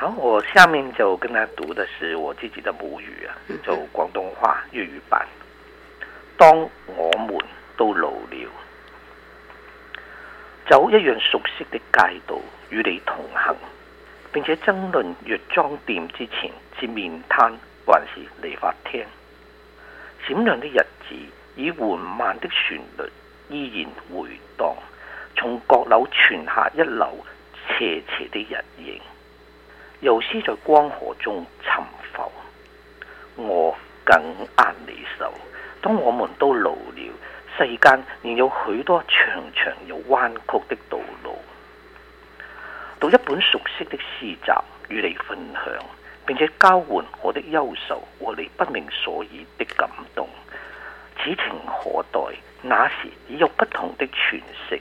好、啊，我下面就跟他讀的是我自己的母語啊，就廣東話粵語版。當我們都老了，走一樣熟悉的街道，與你同行，並且爭論藥妝店之前是麵攤還是理髮廳。閃亮的日子以緩慢的旋律依然回盪，從閣樓傳下一縷斜斜的日影。游絲在光河中沉浮，我緊握你手。當我們都老了，世間仍有許多長長又彎曲的道路。讀一本熟悉的詩集與你分享，並且交換我的憂愁和你不明所以的感動。此情可待，那時已有不同的詮釋。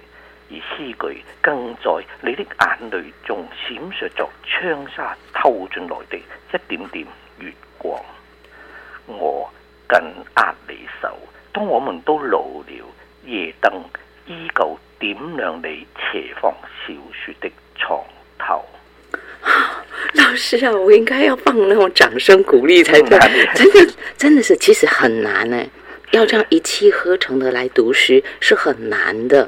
而詩句更在你的眼淚中閃爍着，窗紗透進來的一點點月光。我緊握你手，當我們都老了，夜燈依舊點亮你斜放小說的床頭。老師啊，我應該要放那種掌聲鼓勵才對， 真的，真的是，其實很難呢、啊。要這樣一氣呵成的來讀詩是很難的。